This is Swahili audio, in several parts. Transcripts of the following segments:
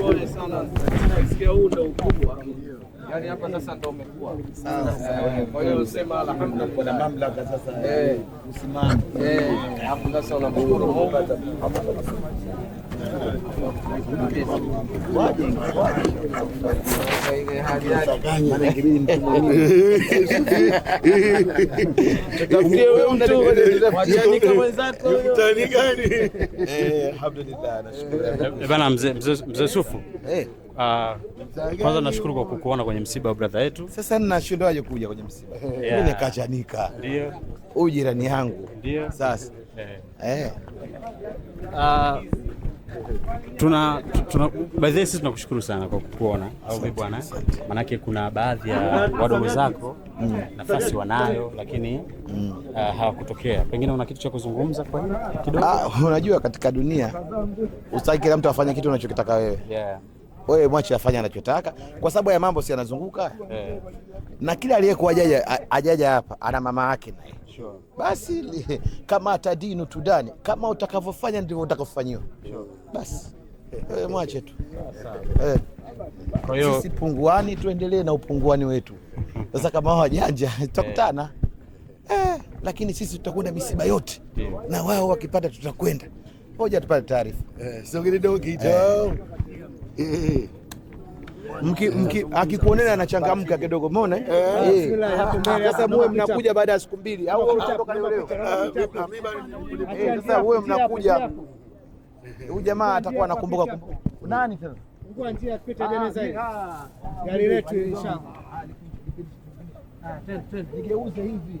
Pole sana, nasikia huu ndo ukubwa yani hapa sasa ndo umekuwa sawa. Eh, kwa hiyo usema alhamdulillah, kuna mamlaka sasa, eh. usimame eh, hapo sasa, unamshukuru Mungu bana mzee Sufu Ah, Kwanza nashukuru kwa kukuona kwenye msiba wa brother yetu. Sasa ninashindaje kuja kwenye msiba? Yeah. Mimi nikachanika. Ndio. Huyu jirani yangu. Ndio. Sasa. Eh. Eh. tuna, tuna by the way sisi tunakushukuru sana kwa kukuona au vipi bwana? Maanake kuna baadhi ya wadogo zako mm. nafasi wanayo lakini mm. uh, hawakutokea. Pengine una kitu cha kuzungumza kwa kidogo? Ah, unajua katika dunia usitaki kila mtu afanye kitu unachokitaka wewe. Yeah wewe mwache afanye anachotaka, kwa sababu ya mambo si yanazunguka yeah. Na kila aliyekuwa ajaja hapa ana mama yake naye sure. Basi li, kama atadinu tudani, kama utakavyofanya ndivyo utakavyofanyiwa sure. Basi wewe mwache tu eh. kwa hiyo sisi punguani, tuendelee na upunguani wetu sasa. Kama wao wajanja tutakutana eh. eh, lakini sisi tutakwenda misiba yote yeah. Na wao wakipata tutakwenda Ngoja tupate taarifa. Akikuonea nachangamka kidogo, umeona sasa. Muwe mnakuja baada ya siku mbili au sasa, wewe mnakuja, huyu jamaa atakuwa anakumbuka nani sasa gari letu hivi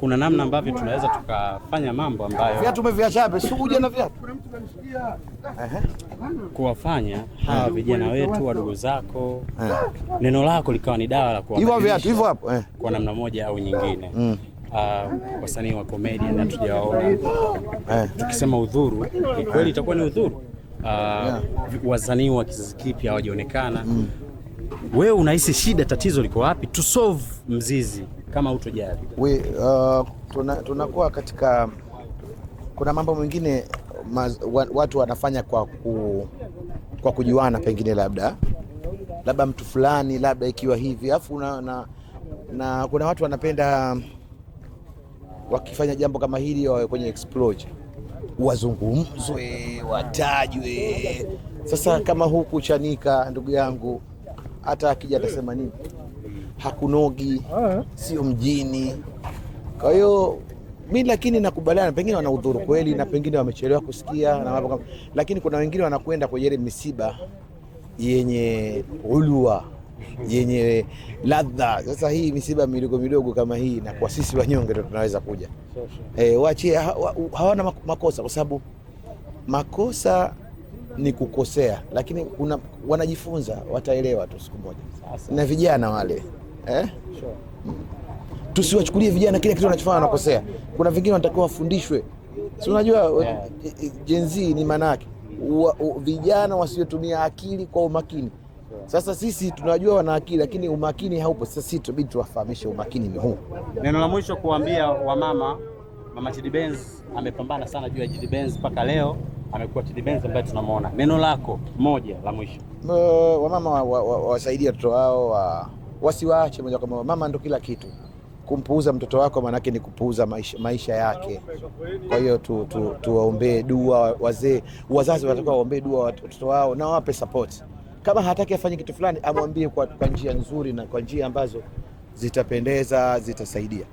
kuna namna ambavyo tunaweza tukafanya mambo ambayo viatu umeviacha hapa, si uje na viatu kuwafanya hawa vijana wetu wadogo zako, neno lako likawa ni dawa la kuwaelimisha eh. kwa namna moja au nyingine. Uh, wasanii wa komedia na tujawaona, eh. tukisema udhuru ni kweli itakuwa ni udhuru. Uh, yeah. Wasanii wa kizazi kipya hawajaonekana mm wewe unahisi shida, tatizo liko wapi? To solve mzizi kama utojali. We, uh, tunakuwa katika, kuna mambo mengine watu wanafanya kwa, ku, kwa kujuana pengine labda labda mtu fulani labda ikiwa hivi afu na, na, na kuna watu wanapenda wakifanya jambo kama hili wawe kwenye explore wazungumzwe watajwe. Sasa kama huku Chanika ndugu yangu hata akija atasema nini, hakunogi, eh. sio mjini. Kwa hiyo mi lakini nakubaliana, pengine wanaudhuru kweli na pengine wamechelewa kusikia na mambo kama, lakini kuna wengine wanakwenda kwenye ile misiba yenye ulua yenye ladha. Sasa hii misiba midogo midogo kama hii, na kwa sisi wanyonge ndo tunaweza kuja e, hawana makosa, kwa sababu makosa ni kukosea, lakini kuna wanajifunza wataelewa tu siku moja sasa. Na vijana wale eh? Sure. Mm. Tusiwachukulie vijana kile kitu wanachofanya wanakosea, kuna vingine wanatakiwa wafundishwe, si unajua yeah. Eh, eh, Gen Z ni maana yake vijana wasiotumia akili kwa umakini. Sasa sisi tunajua wana akili lakini umakini haupo. Sasa sisi tubidi tuwafahamishe umakini ni huu. Neno la mwisho kuambia wamama, mama Chidi Benz amepambana sana juu ya Chidi Benz mpaka leo amekuwa Teddy Benz ambaye tunamwona. Neno lako moja la mwisho, wamama wa, watoto wao, wasiwaache moja kwa moja. Mama ndo kila kitu. Kumpuuza mtoto wako maanake ni kupuuza maisha, maisha yake. Kwa hiyo tuwaombee tu, tu dua wazee, wazazi wanatakiwa waombee dua watoto wao na wape support. Kama hataki afanye kitu fulani, amwambie kwa, kwa njia nzuri na kwa njia ambazo zitapendeza zitasaidia.